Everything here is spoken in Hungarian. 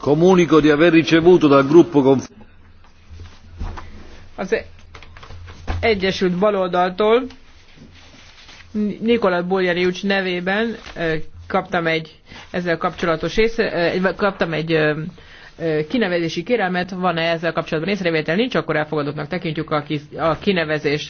Comunico di aver ricevuto dal gruppo Az Egyesült Baloldaltól Nikola Boljariucs nevében kaptam egy ezzel kapcsolatos észre, kaptam egy kinevezési kérelmet, van-e ezzel kapcsolatban észrevétel, nincs, akkor elfogadottnak tekintjük a kinevezést.